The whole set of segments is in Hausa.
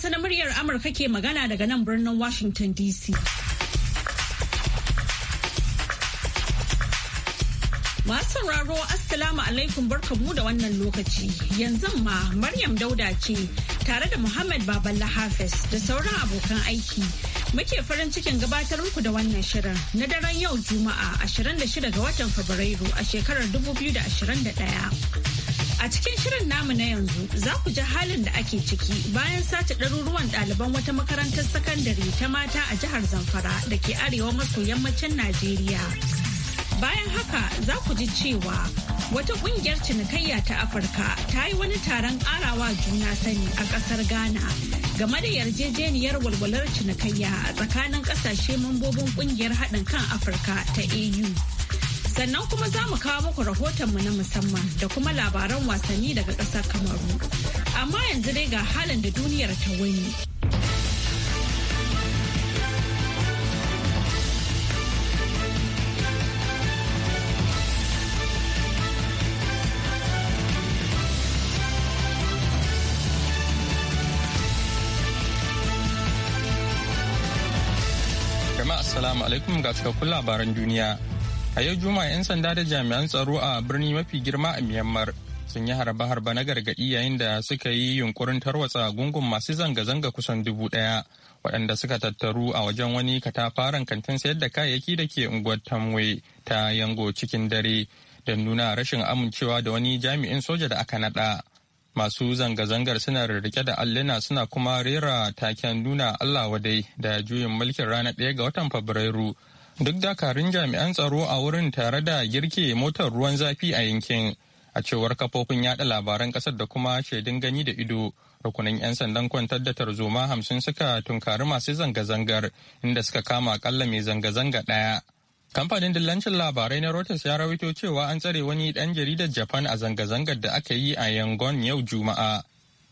Hausa na muryar Amurka ke magana daga nan birnin Washington DC. Masu sauraro Assalamu alaikum barkamu da wannan lokaci. Yanzu ma Maryam Dauda ce tare da Muhammad Baballa Hafiz da sauran abokan aiki. Muke farin cikin gabatar muku da wannan shirin na daren yau Juma'a 26 ga watan Fabrairu a shekarar 2021. A cikin shirin namu na yanzu za ku ji halin da ake ciki bayan sace ɗaruruwan ɗaliban wata makarantar sakandare ta mata a jihar Zamfara da ke arewa maso yammacin Najeriya. Bayan haka za ku ji cewa wata ƙungiyar cinikayya ta Afirka ta yi wani taron ƙarawa juna sani a ƙasar Ghana game da yarjejeniyar walwalar cinikayya a tsakanin ƙasashe mambobin ƙungiyar haɗin kan Afirka ta AU. sannan kuma za mu kawo muku rahotonmu na musamman da kuma labaran wasanni daga ƙasar kamaru amma yanzu dai ga halin da duniyar ta wani Jama'a Assalamu alaikum ga cikakkun labaran duniya a yau juma'a 'yan sanda da jami'an tsaro a birni mafi girma a myanmar sun yi harba-harba na gargaɗi yayin da suka yi yunkurin tarwatsa gungun masu zanga-zanga kusan dubu ɗaya waɗanda suka tattaru a wajen wani katafaren kantin sayar da kayayyaki da ke unguwar tamwe ta yango cikin dare don nuna rashin amincewa da wani jami'in soja da aka naɗa masu zanga-zangar suna rirrike da alluna suna kuma rera taken nuna allah wadai da juyin mulkin ranar ɗaya ga watan fabrairu duk dakarun jami'an tsaro a wurin tare da girke motar ruwan zafi a yankin a cewar kafofin yada labaran kasar da kuma shaidun gani da ido rukunin 'yan sandan kwantar da tarzoma hamsin suka tunkari masu zanga-zangar inda suka kama akalla mai zanga-zanga ɗaya kamfanin dillancin labarai na reuters ya rawaito cewa an tsare wani ɗan jaridar japan a zanga-zangar da aka yi a yangon yau juma'a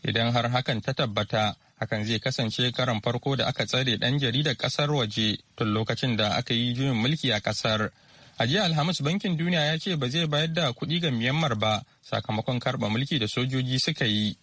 idan har hakan ta tabbata hakan zai kasance karan farko da aka tsare ɗan jaridar kasar waje tun lokacin da aka yi juyin mulki a kasar a jiya alhamis bankin duniya ya ce ba zai bayar da kuɗi ga myanmar ba sakamakon karɓa mulki da sojoji suka yi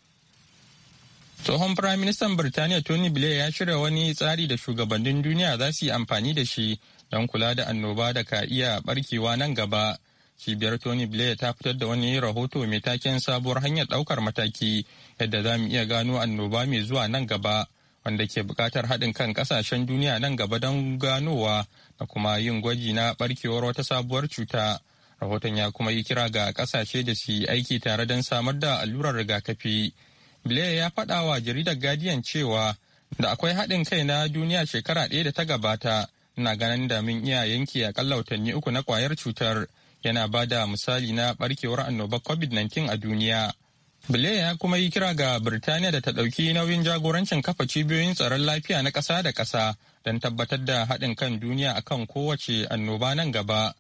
tsohon firaministan birtaniya tony blair ya shirya wani tsari da shugabannin duniya za su yi amfani da shi don kula da annoba da ka iya barkewa nan gaba cibiyar tony blair ta fitar da wani rahoto mai taken sabuwar hanyar daukar mataki yadda za mu iya gano annoba mai zuwa nan gaba wanda ke bukatar haɗin kan kasashen duniya nan gaba don ganowa da kuma yin gwaji na barkewar wata sabuwar cuta rahoton ya kuma yi kira ga kasashe da su aiki tare don samar da allurar rigakafi blair ya faɗa wa jaridar guardian cewa da akwai haɗin kai na duniya shekara ɗaya da ta gabata ina ganin da mun iya yanke akalla watanni uku na kwayar cutar yana ba da misali na barkewar annobar covid-19 a duniya blair ya kuma yi kira ga birtaniya da ta ɗauki nauyin jagorancin kafa cibiyoyin tsaron lafiya na ƙasa da ƙasa don tabbatar da haɗin kan duniya akan kowace annoba nan gaba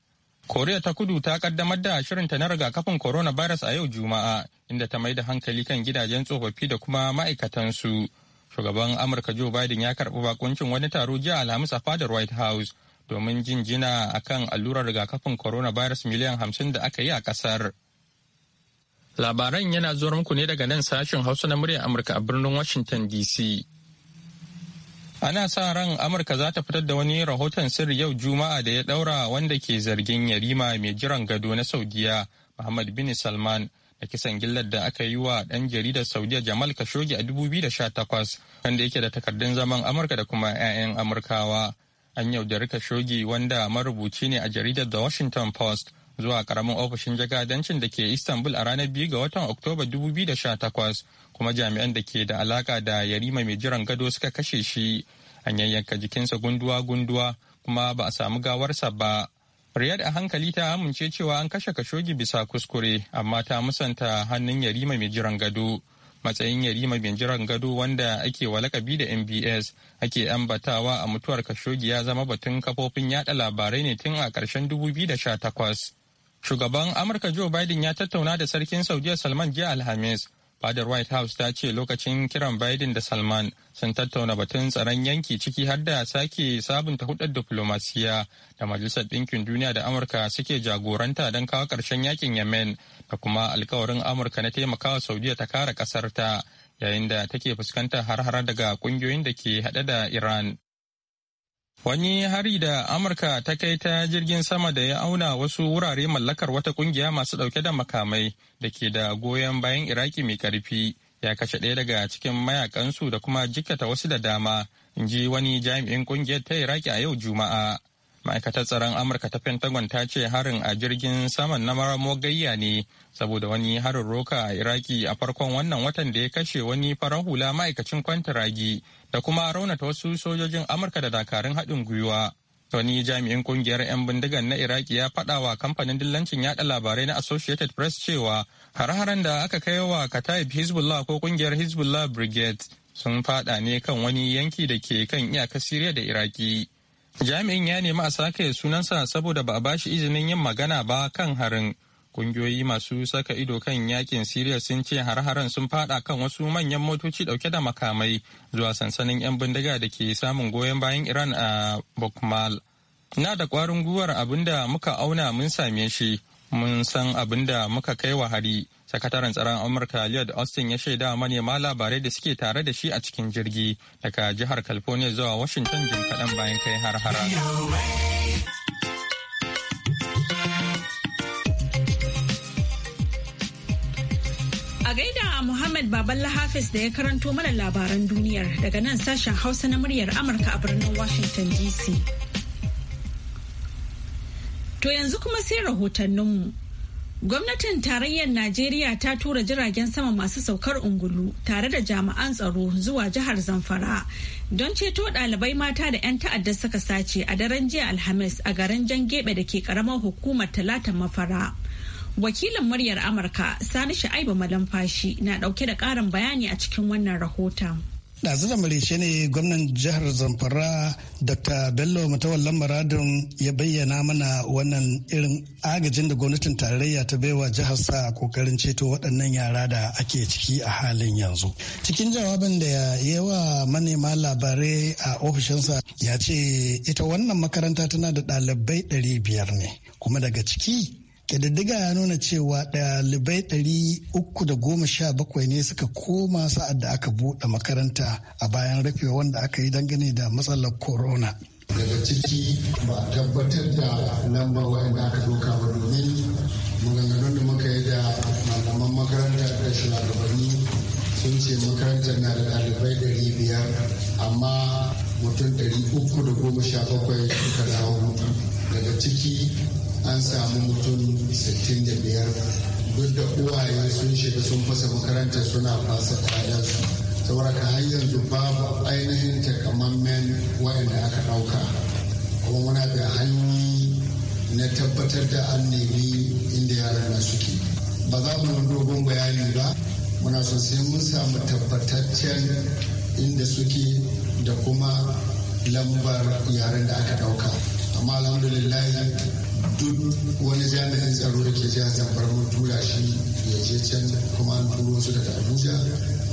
koriya ta kudu ta kaddamar da shirinta na rigakafin coronavirus a yau juma'a inda ta mai da hankali kan gidajen tsofaffi da kuma ma'aikatansu shugaban amurka joe biden ya karɓi bakuncin wani taro jiya alhamis a fadar white house domin jinjina akan allurar rigakafin coronavirus miliyan hamsin da aka yi a kasar. Labaran yana zuwa muku ne daga nan sashen Hausa na muryar Amurka a birnin Washington DC. Ana sa ran Amurka za ta fitar da wani rahoton sirri yau Juma'a da ya daura wanda ke zargin yarima mai jiran gado na Saudiya Muhammad bin Salman da kisan gillar da aka yi wa ɗan jaridar Saudiya Jamal Khashoggi a 2018 wanda yake da takardun zaman Amurka da kuma 'ya'yan Amurkawa. an yaudari shogi wanda marubuci ne a jaridar The Washington Post zuwa karamin ofishin jagadancin da ke Istanbul a ranar 2 ga watan Oktoba 2018 kuma jami'an da ke da alaka da yarima mai jiran gado suka kashe shi an yayyanka jikinsa gunduwa-gunduwa kuma ba a samu gawarsa ba. Riyad a hankali ta amince cewa an kashe kashogi bisa kuskure amma ta musanta hannun yarima mai jiran gado. matsayin yarima bin jiran gado wanda ake wa lakabi da mbs ake ambatawa a mutuwar kashogi ya zama batun kafofin yada labarai ne tun a ƙarshen 2018 shugaban amurka joe biden ya tattauna da sarkin saudiya salman jiya alhamis fadar white house ta ce lokacin kiran biden da salman sun tattauna batun tsaron yanki ciki har da sake sabunta hudar diplomasiya da majalisar ɗinkin duniya da amurka suke jagoranta don kawo ƙarshen yakin yemen da kuma alkawarin amurka na taimakawa saudiya ta kare ƙasarta yayin da take fuskantar har har daga ƙungiyoyin da ke haɗe da iran Wani hari da Amurka ta kai ta jirgin sama da ya auna wasu wurare mallakar wata kungiya masu ɗauke da makamai da ke da goyon bayan Iraki mai karfi ya kashe ɗaya daga cikin mayakansu da kuma jikkata wasu da dama, in ji wani jami'in kungiyar ta Iraki a yau Juma'a. ma'aikatar tsaron amurka ta pentagon ta ce harin a jirgin saman na maramo gayya ne saboda wani harin roka a iraki a farkon wannan watan da ya kashe wani farar hula ma'aikacin kwantiragi da kuma raunata wasu sojojin amurka da dakarun haɗin gwiwa wani jami'in kungiyar 'yan bindigan na iraki ya faɗa wa kamfanin dillancin yada labarai na associated press cewa har haren da aka kai wa kataib hezbollah ko kungiyar hezbollah brigade sun faɗa ne kan wani yanki da ke kan iyakar siriya da iraki jami'in ya nemi a sake sunansa saboda ba a bashi izinin yin magana ba kan harin kungiyoyi masu saka ido kan yakin siriya sun ce har-haren sun fada kan wasu manyan motoci dauke da makamai zuwa sansanin 'yan bindiga da ke samun goyon bayan iran a bokmal na da kwarin guwar abin da muka auna mun same shi mun san abinda muka kai wa hari sakataren tsaron amurka lloyd austin ya shaida manema labarai da suke tare da shi a cikin jirgi daga jihar california zuwa washington jim kaɗan bayan kai har-hara a gaida a muhammad baballa hafiz da ya karanto mana labaran duniyar daga nan sashen hausa na muryar amurka a birnin washington dc to yanzu kuma sai rahotanninmu Gwamnatin tarayyar Najeriya ta tura jiragen sama masu saukar ungulu tare da jami'an tsaro zuwa jihar Zamfara don ceto ɗalibai mata da 'yan ta'adda suka sace a daren jiya Alhamis a garin Jan Gebe da ke karamar hukumar Talatan Mafara. Wakilin muryar Amurka Sani Sha'ibu Malamfashi na ɗauke da ƙarin bayani a cikin wannan rahoton. ɗazu da marece ne gwamnan jihar zamfara dr bello mutawallan maradin ya bayyana mana wannan irin agajin da gwamnatin tarayya ta baiwa jihar sa kokarin ceto waɗannan yara da ake ciki a halin yanzu cikin jawabin da ya wa manema labarai a ofishinsa ya ce ita wannan makaranta tana da ɗalibai ɗari biyar ne kuma daga ciki kididdiga ya nuna cewa ɗalibai ɗari uku da goma sha bakwai ne suka koma sa'ad da aka buɗe makaranta a bayan rufewa wanda aka yi dangane da matsalar corona. Daga ciki ba a tabbatar da lamba wa'anda aka doka ba domin maganganun da muka yi da malaman makaranta da shugabanni sun ce makarantar na da ɗalibai ɗari biyar amma mutum ɗari uku da goma sha bakwai suka dawo daga ciki an samu mutum sittin da biyar. duk da uwaye sun shiga sun fasa makarantar suna fasa su sauraka har yanzu babu ainihin takamammen wayanda aka ɗauka kuma muna da hanyoyi na tabbatar da an nemi inda yaran na suke ba za mu dogon bayani ba muna son sai mun samu tabbataccen inda suke da kuma lambar yaren da aka ɗauka amma alhamdulillah duk wani jami'in tsaro da ke jihar zamfara mun tura shi ya je can kuma an turo su daga abuja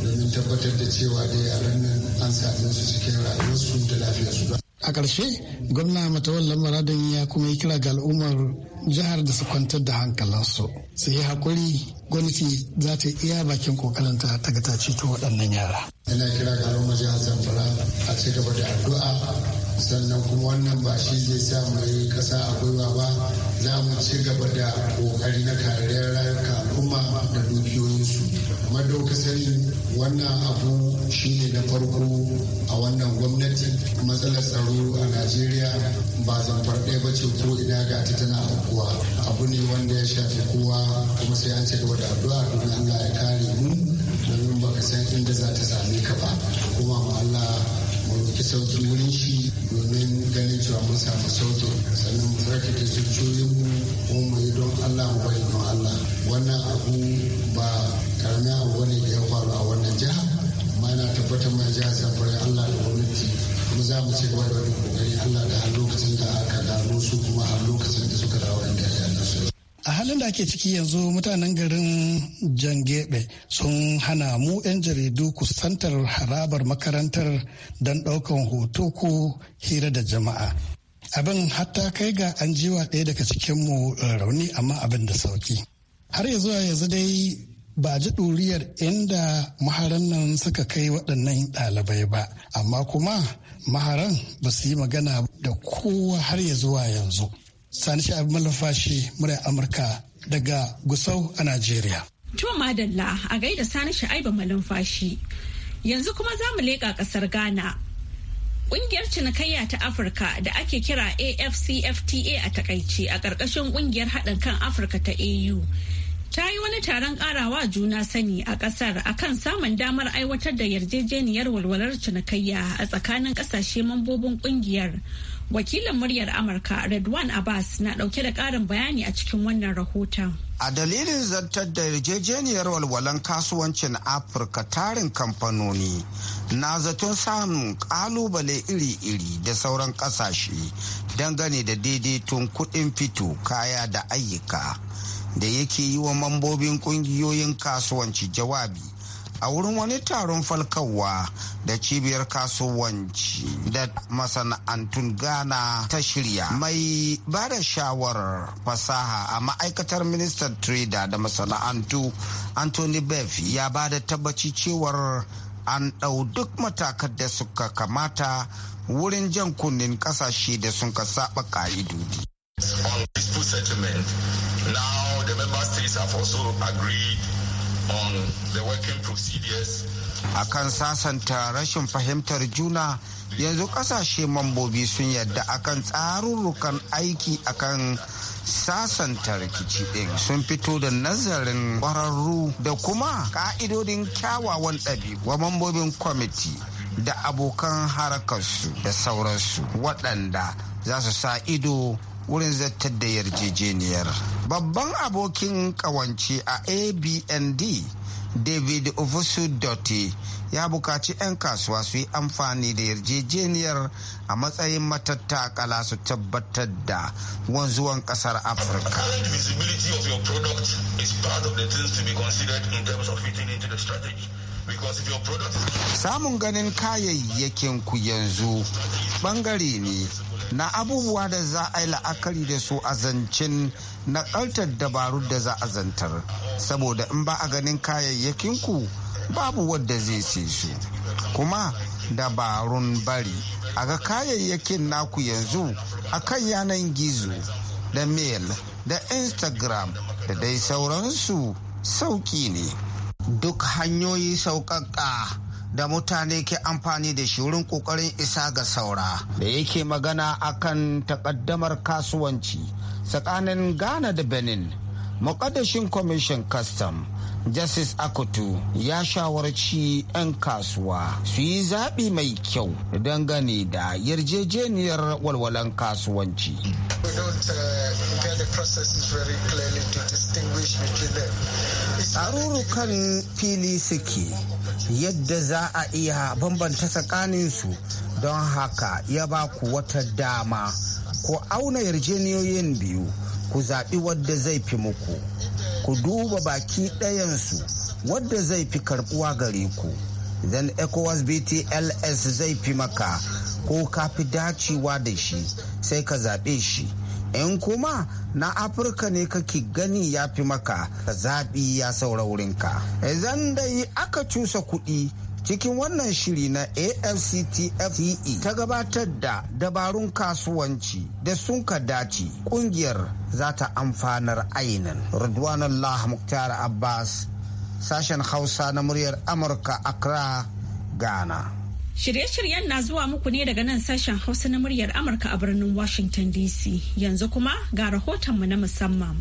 domin tabbatar da cewa dai yaran nan an same su cikin rayuwarsu da lafiyarsu a ƙarshe gwamna lamara don ya kuma yi kira ga al'ummar jihar da su kwantar da hankalinsu su yi hakuri gwamnati za ta iya bakin kokarinta ta ga ta ceto waɗannan yara Yana kira ga al'ummar jihar zamfara a ci gaba da addu'a sannan kuma wannan ba shi zai sa mu yi kasa a gwiwa ba za mu ci gaba da kokari na kariyar rayuka al'umma da dukiyoyinsu kamar da sanin wannan abu shine na farko a wannan gwamnati matsalar tsaro a najeriya ba zamfar ɗaya ba ce ko ina ga ta tana aukuwa abu ne wanda ya shafi kowa kuma sai an ci gaba da addu'a domin allah ya kare mu domin baka san inda za ta same ka ba kuma ma allah mu roki sauki wurin shi domin ganin cewa mun samu sauki sannan mu da zuciyoyinmu kuma mu yi don allah mu bari da ke ciki yanzu mutanen garin jangebe sun hana mu 'yan jaridu kusantar harabar makarantar don ɗaukan hoto ko hira da jama'a abin hatta kai ga an jiwa ɗaya daga cikinmu rauni amma abin da sauki har ya zuwa yanzu dai ba ji ɗuriyar inda maharan nan suka kai waɗannan ɗalibai ba amma kuma maharan ba su yi magana da kowa har ya zuwa yanzu sani sha'ib malafashi murya amurka daga Gusau a Najeriya. To madalla a da sani sha'aiba malumfashi. Yanzu kuma za mu leƙa ƙasar Ghana. Ƙungiyar cinikayya ta Afirka da ake kira AFCFTA a takaici a ƙarƙashin ƙungiyar haɗin kan Afirka ta AU. Ta yi wani taron ƙarawa juna sani a ƙasar a kan samun damar aiwatar da yarjejeniyar walwalar cinikayya a tsakanin ƙasashe mambobin ƙungiyar. Wakilin muryar Amurka Redwan Abbas na ɗauke da ƙarin bayani a cikin wannan rahoton. A dalilin zartar da yarjejeniyar walwalan kasuwancin Afirka tarin kamfanoni na zaton samun kalubale iri-iri da sauran kasashe dangane da daidaiton kuɗin fito kaya da ayyuka da yake yi wa mambobin ƙungiyoyin kasuwanci jawabi a wurin wani taron falkawa da cibiyar kasuwanci da masana'antun ghana ta shirya mai ba da shawarar fasaha a ma'aikatar ministan trader da masana'antu anthony beff ya ba da tabbaci cewar an ɗau duk matakan da suka kamata wurin jan kunnen ƙasashe da sun ka saba ka'idodi On peaceful settlement, now the member states have also agreed A kan Akan sasanta rashin fahimtar juna yanzu kasashe mambobi sun yadda akan tsarurrukan aiki akan sasanta rikici ɗin sun fito da nazarin ƙwararru da kuma ƙa'idodin kyawawan ɗabi'u wa mambobin kwamiti da abokan su da sauransu waɗanda za su sa ido wurin zartar da yarjejeniyar babban abokin kawance a abnd david ovusu dotti ya bukaci 'yan kasuwa su yi amfani da yarjejeniyar a matsayin matattakala su tabbatar da wanzuwan kasar afirka samun ganin kayayyakin ku yanzu bangare ne na abubuwa da za a yi la'akari da su a zancen nakaltar dabaru da za a zantar saboda in ba a ganin kayayyakinku babu wadda zai ce su kuma dabarun bari a ga kayayyakin naku yanzu a kan yanan gizo da mail da instagram da dai sauransu sauki ne duk hanyoyi sauƙaƙa da mutane ke amfani da shi wurin kokarin isa ga saura da yake magana akan takaddamar kasuwanci tsakanin ghana da benin mukaddashin Commission custom justice akutu ya shawarci 'yan kasuwa su yi zaɓi mai kyau dangane da yarjejeniyar walwalan kasuwanci uh, tsarurrukan fili suke yadda za a iya bambanta tsakaninsu don haka ya ba ku wata dama ku auna yarjeniyoyin biyu ku zaɓi wadda zai fi muku ku duba baki ɗayansu wadda zai fi karɓuwa gare ku idan ecowas btls zai fi maka ko ka fi dacewa da shi sai ka zaɓe shi In kuma na afirka ne kake gani ya fi maka zaɓi ya saura wurinka idan dai aka cusa kuɗi cikin wannan shiri na afctfe ta gabatar da dabarun kasuwanci da sun ka dace ƙungiyar za ta amfanar ainin Allah muktar abbas sashen hausa na muryar amurka accra ghana Shirye-shiryen na zuwa muku ne daga nan sashen Hausa na muryar Amurka a birnin Washington DC. Yanzu kuma ga rahotonmu na musamman.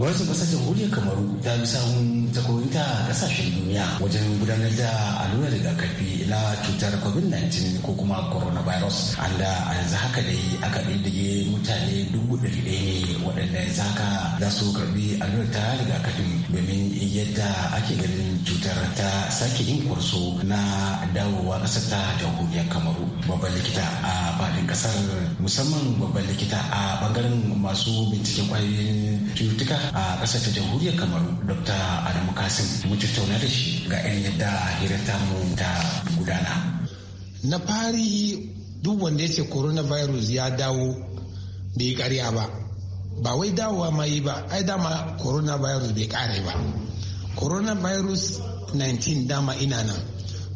wasu kasar jamhuriyar kamaru ta bi samun ta a kasashen duniya wajen gudanar da allurar rigakafi na cutar covid-19 ko kuma coronavirus an da a yanzu haka dai aka ɗaiɗige mutane dubu ɗari ɗaya ne waɗanda yanzu haka za su karɓi allurar ta rigakafin domin yadda ake ganin cutar ta sake yin kwarso na dawowa kasar ta jamhuriyar kamaru babban likita a faɗin ƙasar musamman babban likita a ɓangaren masu binciken kwayoyin cututtuka a ƙasar ta jamhuriyar kamaru dr adamu kasim mun tattauna da shi ga 'yan yadda hirarta mu ta gudana na fari duk wanda ya ce coronavirus ya dawo bai yi ƙarya ba ba wai dawowa ma yi ba ai dama coronavirus bai ƙare ba Corona coronavirus 19 dama ina nan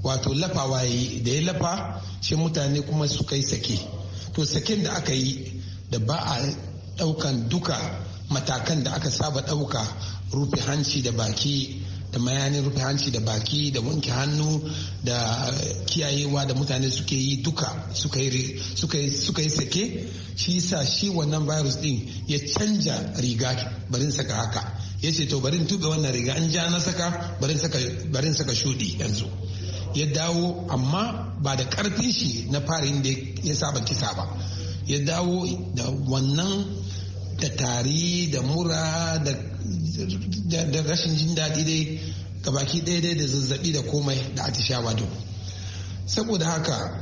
wato lafawa yi da ya lafa shi mutane kuma su kai sake to saken da aka yi da ba a daukan duka matakan da aka saba ɗauka rufe hanci da baki da mayanin rufe hanci da baki da wanke hannu da kiyayewa da mutane suke yi duka suka yi sake shi sa shi wannan virus din ya canja riga barin saka haka ya ce to barin tube wannan riga an ja na saka barin saka shudi yanzu ya dawo amma ba da karfin shi na farin da ya saba kisa ba ya dawo da wannan da tari da mura da rashin jin daɗi dai baki ɗaya dai da zazzabi da komai da atishawa duk saboda haka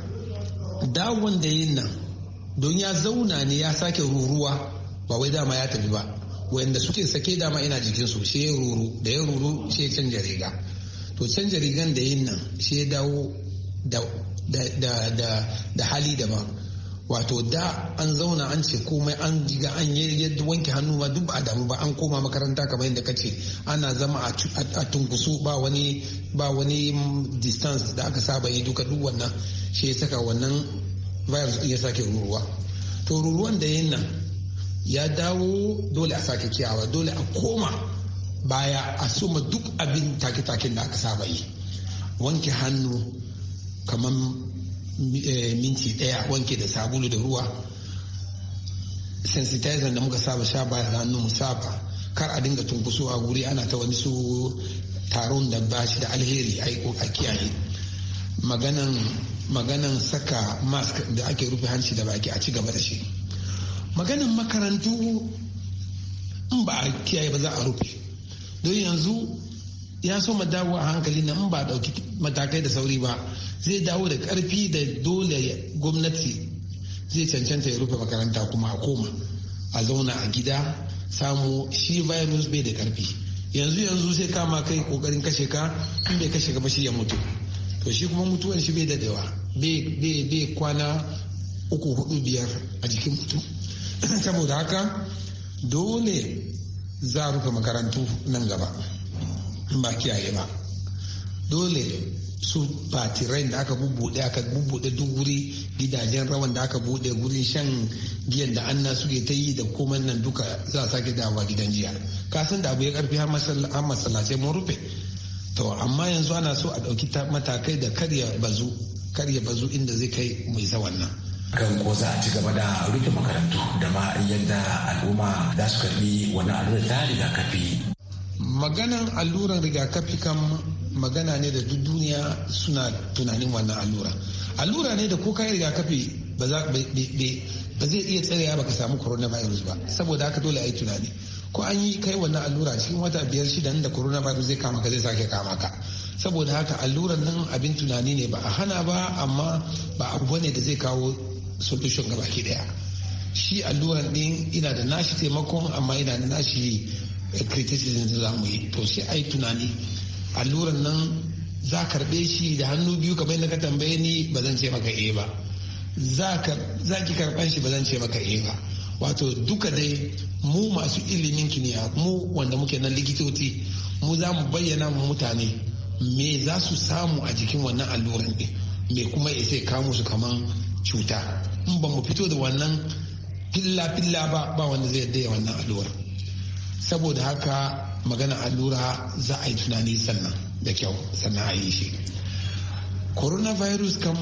dawon da yin nan don ya zauna ne ya sake ruruwa ba wai dama ya tafi ba wanda suke sake dama ina jikinsu shi ya ruru da ya ruru shi ya canja riga to canja rigan da yin nan shi ya dawo da hali daban wato da an zauna an ce komai an diga an yi wanke hannu ma duk ba a damu ba an koma makaranta kamar yadda kace ana zama a tunkusu ba wani ba wani distance da aka saba yi duka duk wannan shi ya saka wannan virus ya sake ruruwa to ruruwan da yin nan ya dawo dole a sake kiyawa dole a koma baya a soma duk abin take-taken da aka saba yi wanke hannu kamar Eh, minti daya wanke da sabulu da ruwa sensitizer da muka saba sha baya hannu mu saba kar a dinga tunkusowa guri ana ta wani su taron da ba shi da alheri a kiyaye maganan saka mask da ake rufe hanci da baki a ci gaba da shi maganan makarantu in ba a kiyaye ba za a rufe don yanzu ya so dawo a hankali na in ba a dauki matakai da sauri ba zai dawo da karfi da dole gwamnati zai cancanta ya rufe makaranta kuma a koma a zauna a gida samu shi virus bai da karfi yanzu yanzu sai kama kai kokarin kashe ka in bai kashe ka ba shi ya mutu to shi kuma mutuwan shi bai dadewa bai kwana uku hudu biyar a jikin mutum saboda haka dole za a rufe makarantu nan gaba ba kiyaye ba dole su fatirai da aka bubbuɗe aka bubbuɗe duk wuri gidajen rawan da aka buɗe wurin shan giyan da anna suke ta yi da komai nan duka za a sake dawa gidan jiya kasan da abu ya karfi har masallace mun rufe to amma yanzu ana so a ɗauki matakai da karya bazu karya bazu inda zai kai mai isa wannan kan ko za a ci gaba da rufe makarantu da ma yadda al'umma za su karbi wani allurar ta rigakafi maganan alluran rigakafi kan magana ne da duk duniya suna tunanin wannan allura allura ne da ko kayan rigakafi ba zai iya tsarewa ka samu coronavirus ba saboda haka dole a yi tunani ko an yi kai wannan allura cikin wata biyar shida da coronavirus zai kama ka zai sake kama ka saboda haka alluran nan abin tunani ne ba a hana ba amma ba abu bane da zai kawo solution ga baki daya shi alluran din ina da nashi taimakon amma ina da nashi criticism da zamu yi to sai a tunani alluran nan za karɓe shi da hannu biyu kamar yadda ka tambaye ni ba zan ce maka eh ba za ki karɓan shi ba zan ce maka eh ba wato duka dai mu masu ilimin kimiyya mu wanda muke nan likitoci mu za mu bayyana mu mutane me za su samu a jikin wannan alluran ne me kuma isa kamu su kaman cuta in ba mu fito da wannan filla-filla ba ba wanda zai daya wannan allurar saboda haka magana allura za a yi tunani sannan da kyau sannan a yi shi coronavirus kam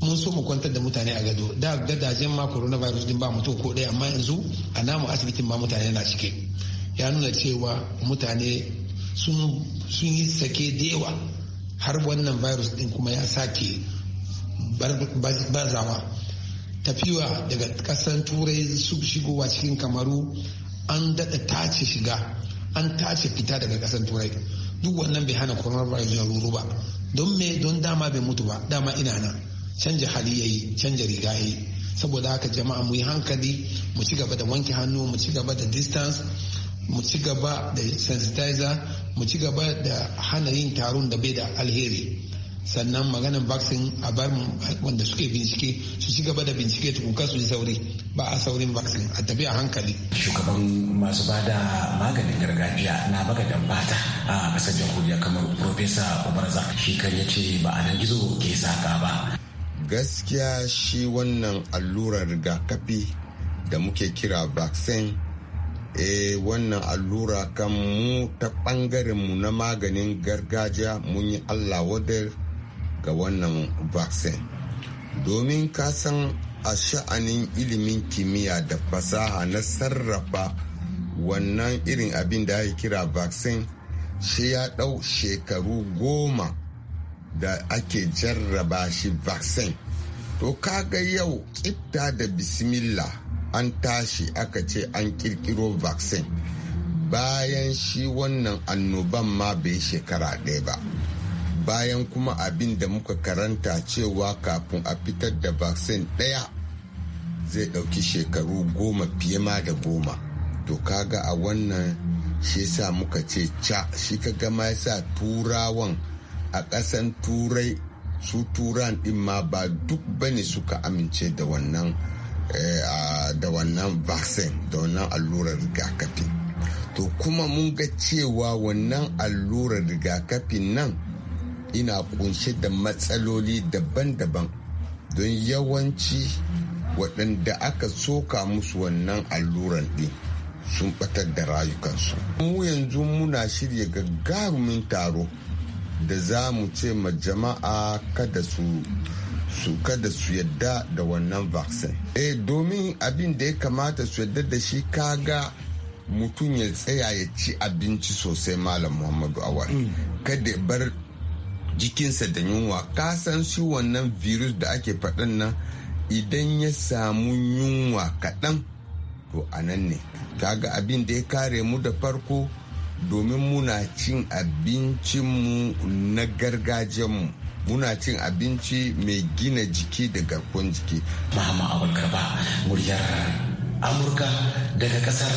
mun so mu kwantar da mutane a gado da gadajen ma coronavirus din ba mutum ko ɗaya amma yanzu a namu asibitin ba mutane na cike ya nuna cewa mutane sun yi sake da yawa har wannan virus din kuma ya sake barzawa tafiwa daga ƙasar turai su shigowa cikin kamaru an dada tace shiga an tace fita daga ƙasar turai duk wannan bai hana coronavirus ya ruru ba don me don dama bai mutu ba dama ina nan canja hali yayi canja riga yayi saboda haka jama'a mu yi hankali mu ci gaba da wanke hannu mu ci gaba da distance mu ci gaba da sensitizer mu ci gaba da hana yin taron da bai da alheri sannan maganin vaccine a bar wanda suke bincike su ci gaba da bincike tukuka su yi sauri ba a saurin vaccine a tafiya hankali shugaban masu ba da maganin gargajiya na baga dambata a kasar jamhuriya kamar profesa obarza shi kan ya ce ba a nan gizo ke saka ba gaskiya shi wannan allurar rigakafi da muke kira vaccine e wannan allura kan mu ta bangaren mu na maganin gargajiya mun yi allah wadar ga wannan vaccine domin ka san a sha'anin ilimin kimiyya da fasaha na sarrafa wannan irin abin da ake kira vaccine shi ya ɗau shekaru goma da ake jarraba shi vaccine to kaga yau kitta da bismillah an tashi aka ce an kirkiro vaccine bayan shi wannan annoban ma bai shekara ɗaya ba bayan kuma abin da muka karanta cewa kafin a fitar da vaccine ɗaya zai ɗauki shekaru goma fiye ma da goma to kaga a wannan shi sa muka ce ca shi kaga ma sa turawan a ƙasan turai su turan ɗin ma ba duk bane suka amince da wannan eh, da wannan vaccine da wannan allurar rigakafi to kuma mun ga cewa wannan allurar rigakafin nan ina kunshe da matsaloli daban-daban don yawanci waɗanda aka soka musu wannan alluran ɗin sun ɓatar da rayukansu. Mu yanzu muna shirya gagarumin taro da za mu ce ma jama'a kada su su kada su yadda da wannan vaccine. Eh domin abin da ya kamata su yadda da shi kaga mutum ya tsaya ya ci abinci sosai malam muhammadu awal mm. kada bar jikinsa da yunwa kasan shi wannan virus da ake faɗin nan idan ya samu yunwa kaɗan to a nan ne kaga abin da ya kare mu da farko domin muna cin abincinmu na gargajiyanmu muna cin abinci mai gina jiki da garkon jiki mama abubakar ba muryar amurka daga kasar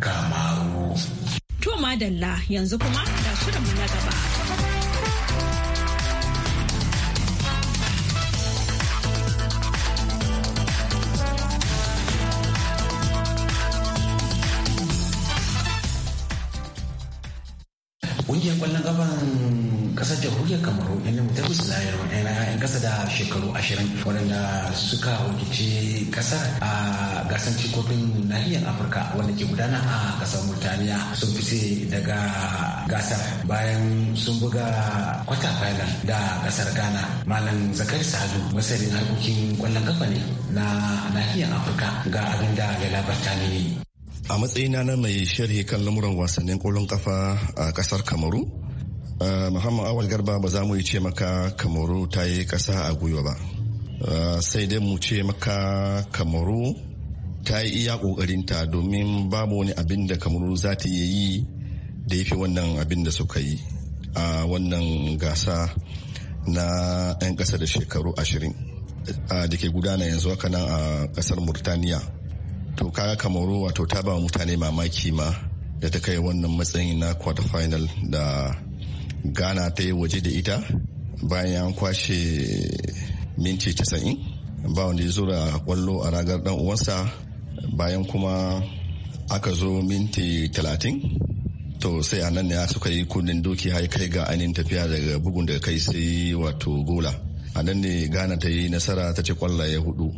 kamaru to madalla yanzu kuma da shirinmu na gaba kungiyar kwallon kafan kasar jamhuriyar kamaru yan mutabus na yan kasa da shekaru ashirin waɗanda suka wakilci ƙasar a gasar cikofin nahiyar afirka wanda ke gudana a kasar murtaniya sun fice daga gasar bayan sun buga kwata final da kasar ghana malam zakari sadu masarin harkokin kwallon kafa ne na nahiyar afirka ga abin da ya labarta ne a matsayina na mai sharhi kan lamuran wasannin kolon kafa a kasar kamaru muhammad awal garba ba za mu yi ce maka kamaru ta yi kasa a gwiwa ba sai dai mu ce maka kamaru ta yi iya kokarinta domin babu wani abin da kamaru za ta iya yi da ya fi wannan abin da suka yi a wannan gasa na 'yan kasa da shekaru ashirin da ke gudana yanzu haka nan a kasar murtaniya to kaga kamaru wato ta ba mutane mamaki ma da ta kai wannan matsayin na quarter final da ghana ta yi waje da ita bayan an kwashe minti 90 ba wanda ya zura kwallo a ragar dan uwansa bayan kuma aka zo minti talatin to sai a nan ne suka yi kundin doki har kai ga ainihin tafiya daga bugun daga kai sai wato gola a nan ne ghana ta yi nasara ta ce kwallaye hudu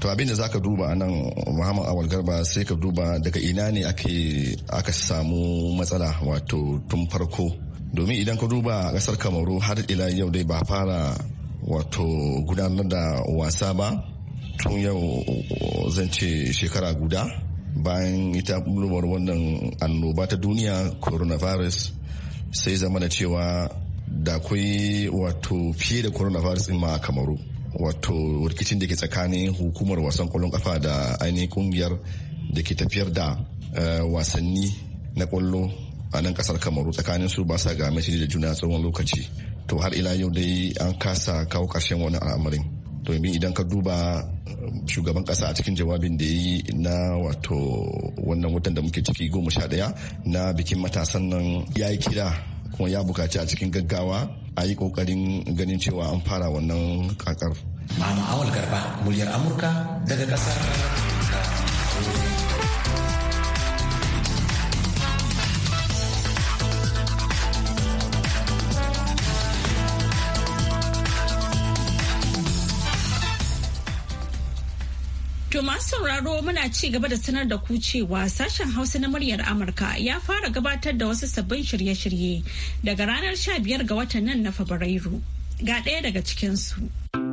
to abin da za ka duba nan muhammad awal garba sai ka duba daga ina ne aka samu matsala wato tun farko domin idan ka duba a kasar kamaru har ila yau dai ba fara wato gudanar da wasa ba tun yau zan ce shekara guda bayan ita bulwar wannan annoba ta duniya coronavirus sai zama da cewa da kwai wato fiye da coronavirus ma a kamaru wato rikicin da ke tsakanin hukumar wasan kwallon kafa da ainihin kungiyar da ke tafiyar da eh, wasanni na kwallo a nan kasar kamaru tsakanin su ba sa ga da juna tsawon lokaci to har ila yau dai an kasa kawo karshen wani al'amarin domin idan ka duba eh, shugaban kasa a cikin jawabin da yi na wato wannan watan da muke ciki goma sha daya na bikin matasan nan ya yi kira kuma ya bukaci a cikin gaggawa a yi kokarin ganin cewa an fara wannan kakar. Mama Awal Garba, muryar Amurka daga kasar. sauraro muna ci gaba da sanar da ku cewa sashen Hausa na muryar Amurka ya fara gabatar da wasu sabbin shirye-shirye daga ranar 15 ga watan nan na Fabrairu. Ga ɗaya daga cikinsu. su.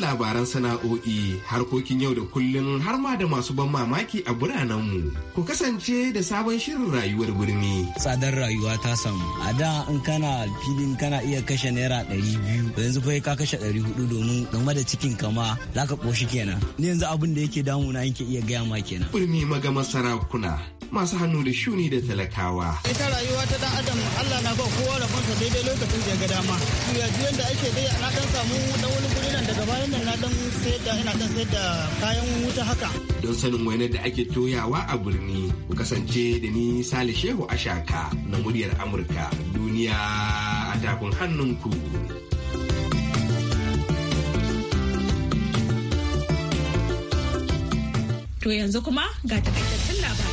labaran sana'o'i harkokin yau da kullun har ma da masu ban mamaki a biranenmu. Ku kasance da sabon shirin rayuwar birni. Tsadar rayuwa ta samu. A da in kana filin kana iya kashe naira ɗari biyu yanzu fa ka kashe ɗari hudu domin game da cikin kama za ka ƙoshi kenan. Ni yanzu abin da yake damuna yake iya gaya ma kenan. Birni magama sarakuna. masu hannu da shuni da talakawa. Ita rayuwa ta dan adam Allah na ba kowa rabonsa daidai lokacin da ya ga dama. Juya juyan da ake dai na dan samu wani guri nan daga bayan hanyar na dan sayar da ina dan sayar kayan wuta haka. Don sanin wani da ake toyawa a birni ku kasance da ni Sale Shehu Ashaka na muryar Amurka duniya a takun hannunku. To yanzu kuma ga takaitaccen labarai.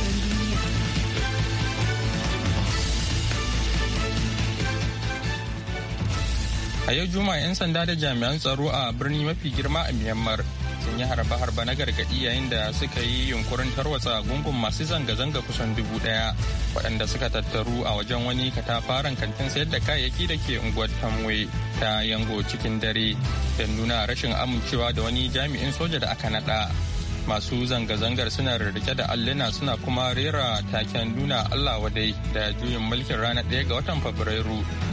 a yau juma'a 'yan sanda da jami'an tsaro a birni mafi girma a myanmar sun yi harba-harba na gargaɗi yayin da suka yi yunkurin tarwatsa gungun masu zanga-zanga kusan dubu ɗaya waɗanda suka tattaru a wajen wani katafaren kantin sayar da kayayyaki da ke unguwar tamwe ta yango cikin dare don nuna rashin amincewa da wani jami'in soja da aka naɗa masu zanga-zangar suna rarrake da alluna suna kuma rera taken nuna allah wadai da juyin mulkin ranar ɗaya ga watan fabrairu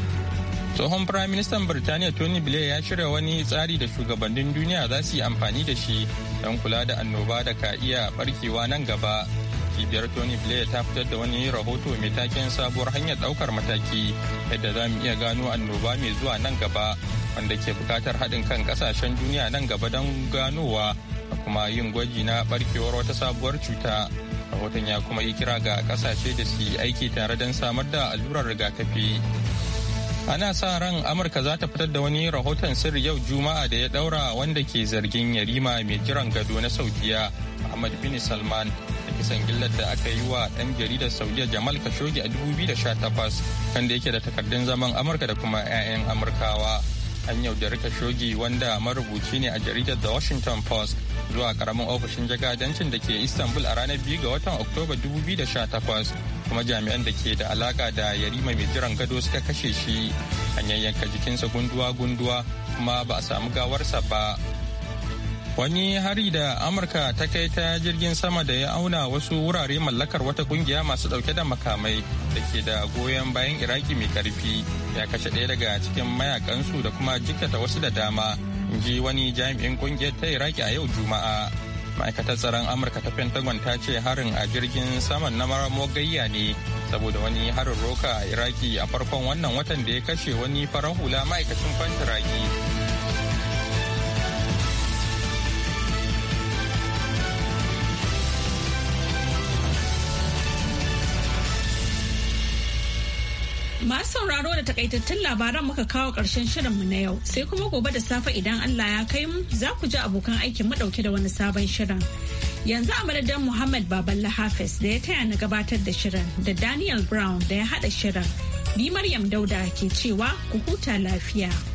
tsohon firaministan birtaniya tony blair ya shirya wani tsari da shugabannin duniya za su yi amfani da shi don kula da annoba da ka iya barkewa nan gaba cibiyar tony blair ta fitar da wani rahoto mai taken sabuwar hanyar daukar mataki yadda za mu iya gano annoba mai zuwa nan gaba wanda ke bukatar haɗin kan kasashen duniya nan gaba don ganowa da kuma yin gwaji na barkewar wata sabuwar cuta rahoton ya kuma yi kira ga kasashe da su aiki tare don samar da allurar rigakafi ana sa ran amurka za ta fitar da wani rahoton sirri yau juma'a da ya daura wanda ke zargin yarima mai kiran gado na saudiya ahmad bin salman da kisan gillar da aka yi wa ɗan jaridar saudiya jamal khashoggi a 2018 kan da yake da takardun zaman amurka da kuma 'ya'yan amurkawa an yaudari khashoggi wanda marubuci ne a jaridar the washington post zuwa karamin ofishin jagadancin da ke istanbul a ranar 2 ga watan oktoba 2018 kuma jami'an da ke da alaka da yarima mai jiran gado suka kashe shi an yanka jikinsa gunduwa-gunduwa kuma ba a samu gawarsa ba wani hari da amurka ta kai ta jirgin sama da ya auna wasu wurare mallakar wata kungiya masu dauke da makamai da ke da goyon bayan iraki mai karfi ya kashe ɗaya daga cikin mayakansu da kuma jikkata wasu da dama in ji wani jami'in kungiyar ta iraki a yau juma'a ma'aikatar tsaron amurka ta pentagon ta ce harin a jirgin saman na maramo gayya ne saboda wani harin roka a iraki a farkon wannan watan da ya kashe wani farar hula ma'aikacin fantiraki Masu sauraro da takaitattun labaran muka kawo ƙarshen shirinmu na yau sai kuma gobe da safe idan Allah ya kai mu za ku ji abokan aikin ɗauke da wani sabon shirin. Yanzu a madadin Muhammad Baballa Hafiz da ya taya na gabatar da shirin da Daniel Brown da ya haɗa shirin. Ni Maryam Dauda ke cewa ku huta lafiya.